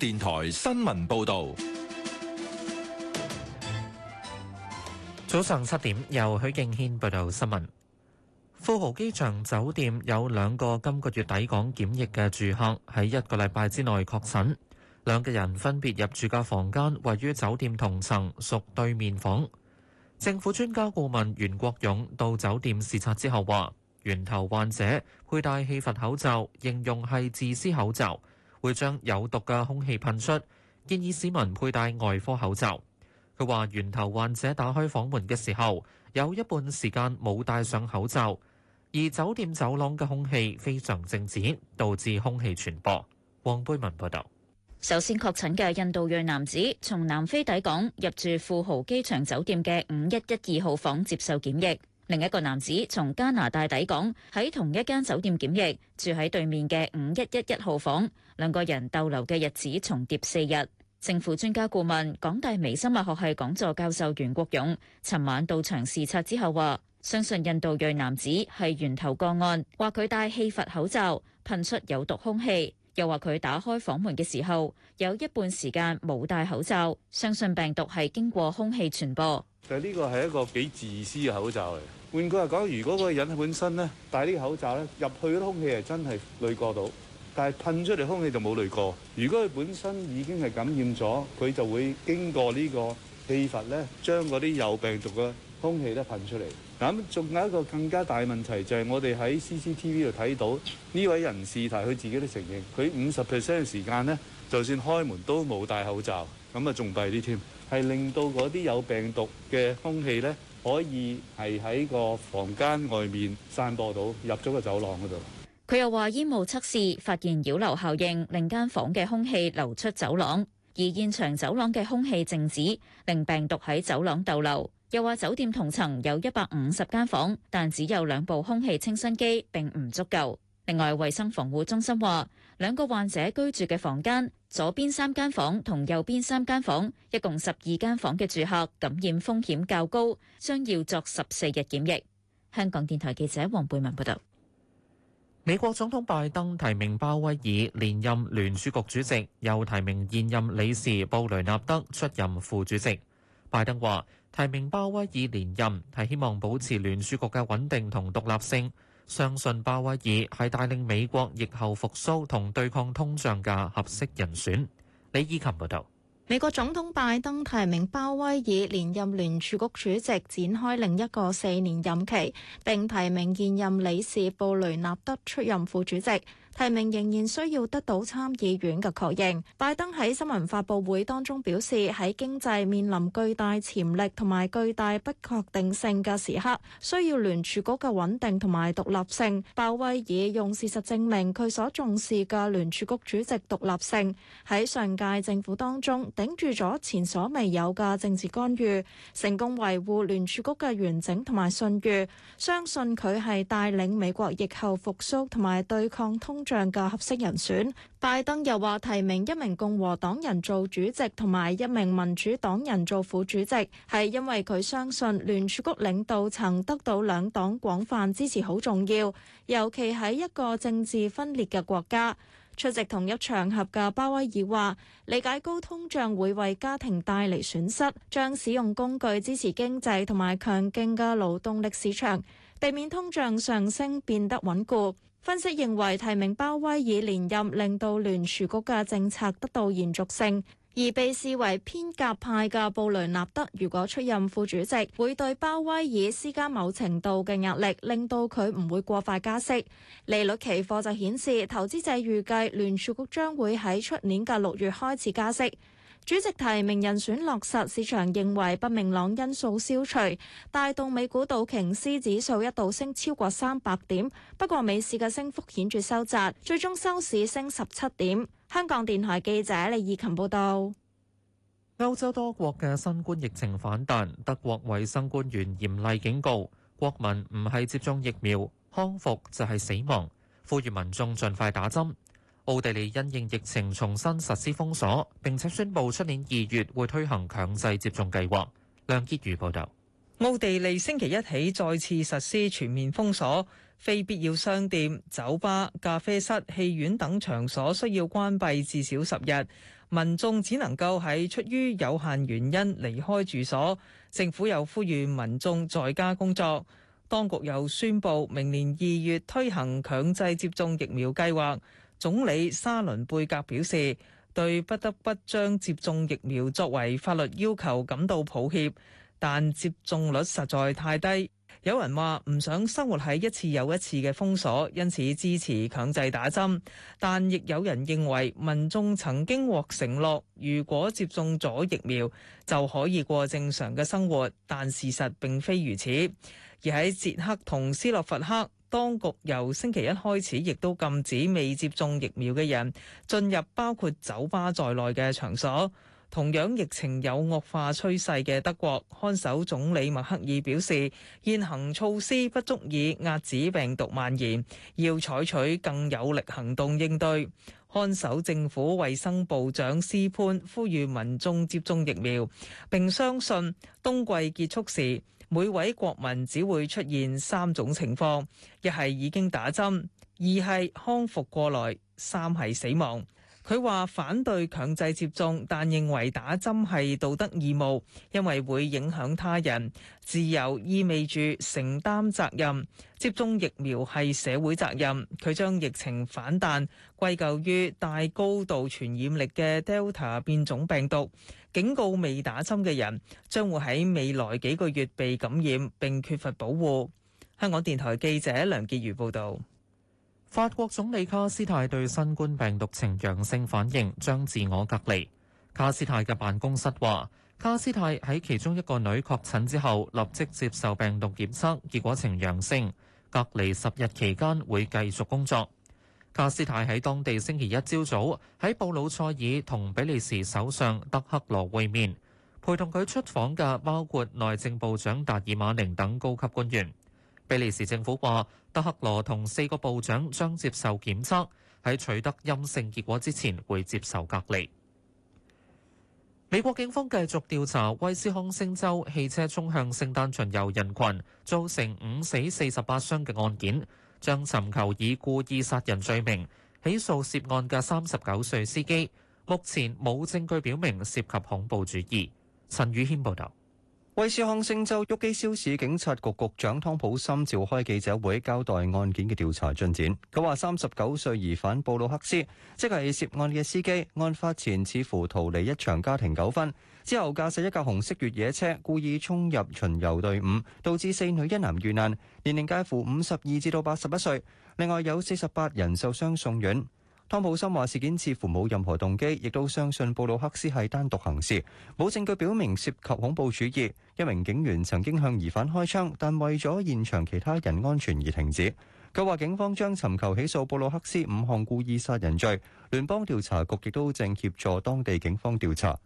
電台新聞報道，早上七點由許敬軒報道新聞。富豪機場酒店有兩個今個月抵港檢疫嘅住客喺一個禮拜之內確診，兩個人分別入住嘅房間位於酒店同層，屬對面房。政府專家顧問袁國勇到酒店視察之後話，源頭患者佩戴氣閥口罩，形容係自私口罩。會將有毒嘅空氣噴出，建議市民佩戴外科口罩。佢話：源頭患者打開房門嘅時候，有一半時間冇戴上口罩，而酒店走廊嘅空氣非常靜止，導致空氣傳播。黃貝文報導。首先確診嘅印度裔男子從南非抵港，入住富豪機場酒店嘅五一一二號房接受檢疫。另一個男子從加拿大抵港，喺同一間酒店檢疫，住喺對面嘅五一一一號房。兩個人逗留嘅日子重疊四日。政府專家顧問、港大微生物學系講座教授袁國勇，尋晚到場視察之後話：相信印度裔男子係源頭個案，話佢戴氣閥口罩，噴出有毒空氣。又話佢打開房門嘅時候，有一半時間冇戴口罩，相信病毒係經過空氣傳播。就係呢個係一個幾自私嘅口罩嚟。換句話講，如果個人本身咧戴呢個口罩咧入去嘅空氣係真係濾過到，但係噴出嚟空氣就冇濾過。如果佢本身已經係感染咗，佢就會經過呢個氣閥咧，將嗰啲有病毒嘅。空氣都噴出嚟嗱，咁仲有一個更加大問題，就係我哋喺 CCTV 度睇到呢位人士提佢自己都承認，佢五十 percent 時間咧，就算開門都冇戴口罩，咁啊仲弊啲添，係令到嗰啲有病毒嘅空氣咧可以係喺個房間外面散播到入咗個走廊嗰度。佢又話煙霧測試發現擾流效應，令間房嘅空氣流出走廊，而現場走廊嘅空氣靜止，令病毒喺走廊逗留。又話酒店同層有一百五十間房，但只有兩部空氣清新機並唔足夠。另外，衞生防護中心話，兩個患者居住嘅房間，左邊三間房同右邊三間房，一共十二間房嘅住客感染風險較高，將要作十四日檢疫。香港電台記者黃貝文報道。美國總統拜登提名鮑威爾連任聯儲局主席，又提名現任理事布雷納德出任副主席。拜登話，提名鮑威爾連任，係希望保持聯儲局嘅穩定同獨立性，相信鮑威爾係帶領美國疫後復甦同對抗通脹嘅合適人選。李以琴報道。美國總統拜登提名鮑威爾連任聯儲局主席，展開另一個四年任期，並提名現任理事布雷納德出任副主席。提名仍然需要得到參議院嘅確認。拜登喺新聞發佈會當中表示，喺經濟面臨巨大潛力同埋巨大不確定性嘅時刻，需要聯儲局嘅穩定同埋獨立性。鮑威爾用事實證明佢所重視嘅聯儲局主席獨立性喺上屆政府當中頂住咗前所未有嘅政治干預，成功維護聯儲局嘅完整同埋信譽，相信佢係帶領美國疫後復蘇同埋對抗通。通脹嘅合適人選，拜登又話提名一名共和黨人做主席，同埋一名民主黨人做副主席，係因為佢相信聯儲局領導層得到兩黨廣泛支持好重要，尤其喺一個政治分裂嘅國家。出席同一場合嘅鮑威爾話，理解高通脹會為家庭帶嚟損失，將使用工具支持經濟同埋強勁嘅勞動力市場，避免通脹上升變得穩固。分析認為，提名鮑威爾連任令到聯儲局嘅政策得到延續性，而被視為偏鴿派嘅布雷納德如果出任副主席，會對鮑威爾施加某程度嘅壓力，令到佢唔會過快加息。利率期貨就顯示，投資者預計聯儲局將會喺出年嘅六月開始加息。主席提名人選落實，市場認為不明朗因素消除，帶動美股道瓊斯指數一度升超過三百點。不過美市嘅升幅顯著收窄，最終收市升十七點。香港電台記者李義琴報道。歐洲多國嘅新冠疫情反彈，德國衛生官員嚴厲警告國民唔係接種疫苗康復就係死亡，呼籲民眾盡快打針。奧地利因應疫情重新實施封鎖，並且宣布出年二月會推行強制接種計劃。梁潔如報道：奧地利星期一起再次實施全面封鎖，非必要商店、酒吧、咖啡室、戲院等場所需要關閉至少十日，民眾只能夠喺出於有限原因離開住所。政府又呼籲民眾在家工作，當局又宣布明年二月推行強制接種疫苗計劃。總理沙倫貝格表示，對不得不將接種疫苗作為法律要求感到抱歉，但接種率實在太低。有人話唔想生活喺一次又一次嘅封鎖，因此支持強制打針，但亦有人認為民眾曾經獲承諾，如果接種咗疫苗就可以過正常嘅生活，但事實並非如此。而喺捷克同斯洛伐克，當局由星期一開始，亦都禁止未接種疫苗嘅人進入包括酒吧在內嘅場所。同樣疫情有惡化趨勢嘅德國，看守總理默克爾表示，現行措施不足以壓止病毒蔓延，要採取更有力行動應對。看守政府衛生部長施潘呼籲民眾接種疫苗，並相信冬季結束時，每位國民只會出現三種情況：一係已經打針，二係康復過來，三係死亡。佢話反對強制接種，但認為打針係道德義務，因為會影響他人。自由意味住承擔責任，接種疫苗係社會責任。佢將疫情反彈歸咎於帶高度傳染力嘅 Delta 變種病毒。警告未打針嘅人將會喺未來幾個月被感染，並缺乏保護。香港電台記者梁潔如報導，法國總理卡斯泰對新冠病毒呈陽性反應，將自我隔離。卡斯泰嘅辦公室話，卡斯泰喺其中一個女確診之後立即接受病毒檢測，結果呈陽性，隔離十日期間會繼續工作。卡斯泰喺當地星期一朝早喺布魯塞爾同比利時首相德克羅會面，陪同佢出訪嘅包括內政部長達爾馬寧等高級官員。比利時政府話，德克羅同四個部長將接受檢測，喺取得陰性結果之前會接受隔離。美國警方繼續調查威斯康星州汽車衝向聖誕巡遊人群，造成五死四十八傷嘅案件。將尋求以故意殺人罪名起訴涉案嘅三十九歲司機，目前冇證據表明涉及恐怖主義。陳宇軒報導。威斯康星州沃基肖市警察局局長湯普森召開記者會，交代案件嘅調查進展。佢話三十九歲疑犯布魯克斯，即係涉案嘅司機，案發前似乎逃離一場家庭糾紛，之後駕駛一架紅色越野車，故意衝入巡遊隊伍，導致四女一男遇難，年齡介乎五十二至到八十一歲，另外有四十八人受傷送院。湯普森話：事件似乎冇任何動機，亦都相信布魯克斯係單獨行事，冇證據表明涉及恐怖主義。一名警員曾經向疑犯開槍，但為咗現場其他人安全而停止。佢話警方將尋求起訴布魯克斯五項故意殺人罪。聯邦調查局亦都正協助當地警方調查。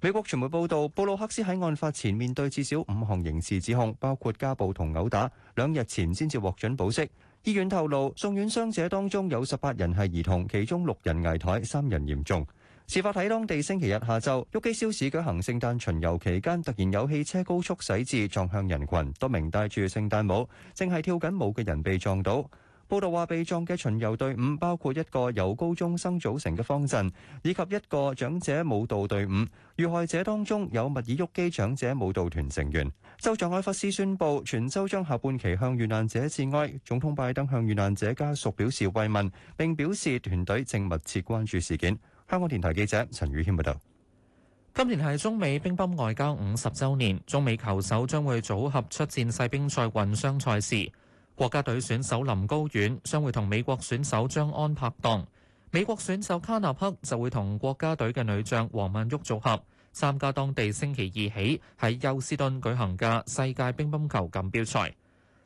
美國傳媒報道，布魯克斯喺案發前面對至少五項刑事指控，包括家暴同毆打，兩日前先至獲准保釋。醫院透露，送院傷者當中有十八人係兒童，其中六人危殆，三人嚴重。事發喺當地星期日下晝，沃基肖市舉行聖誕巡遊期間，突然有汽車高速駛至撞向人群，多名戴住聖誕帽、正係跳緊舞嘅人被撞到。報道話，被撞嘅巡遊隊伍包括一個由高中生組成嘅方陣，以及一個長者舞蹈隊伍。遇害者當中有密爾沃基長者舞蹈團成員。州長埃弗斯宣佈，全州將下半旗向遇難者致哀。總統拜登向遇難者家屬表示慰問，並表示團隊正密切關注事件。香港電台記者陳宇軒報道。今年係中美乒乓外交五十週年，中美球手將會組合出戰世乒賽混雙賽事。國家隊選手林高遠將會同美國選手張安拍檔，美國選手卡納克就會同國家隊嘅女將王曼昱組合參加當地星期二起喺休斯頓舉行嘅世界乒乓球錦標賽。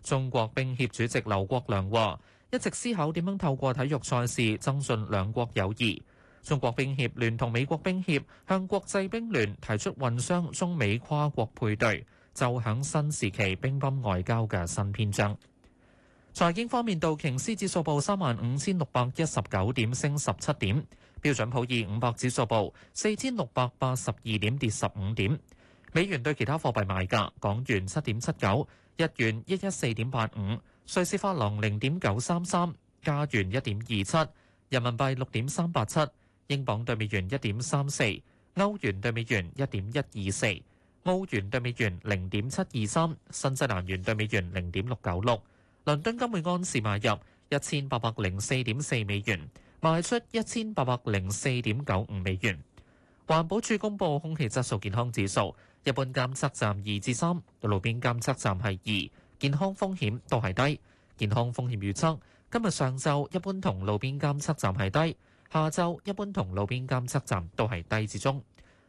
中國乒協主席劉國梁話，一直思考點樣透過體育賽事增進兩國友誼。中國乒協聯同美國乒協向國際乒聯提出運商中美跨國配對，就響新時期乒乓外交嘅新篇章。財經方面，道瓊斯指數報三萬五千六百一十九點，升十七點；標準普爾五百指數報四千六百八十二點，跌十五點。美元對其他貨幣買價，港元七點七九，日元一一四點八五，瑞士法郎零點九三三，加元一點二七，人民幣六點三八七，英鎊兌美元一點三四，歐元兌美元一點一二四，澳元兌美元零點七二三，新西蘭元兌美元零點六九六。倫敦金匯按時買入一千八百零四點四美元，賣出一千八百零四點九五美元。環保署公布空氣質素健康指數，一般監測站二至三，路邊監測站係二，健康風險都係低。健康風險預測今日上晝一般同路邊監測站係低，下晝一般同路邊監測站都係低至中。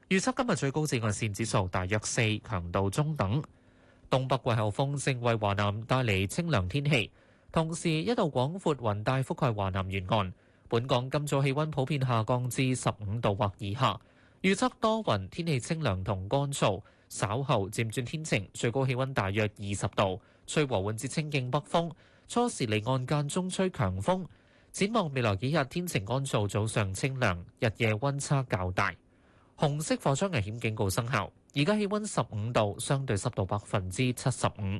預測今日最高紫外線指數大約四，強度中等。東北季候風正為華南帶嚟清涼天氣，同時一道廣闊雲帶覆蓋華南沿岸。本港今早氣温普遍下降至十五度或以下，預測多雲，天氣清涼同乾燥，稍後漸轉天晴，最高氣温大約二十度，吹和緩至清勁北風，初時離岸間中吹強風。展望未來幾日天晴乾燥，早上清涼，日夜温差較大。紅色火災危險警告生效。而家氣溫十五度，相對濕度百分之七十五。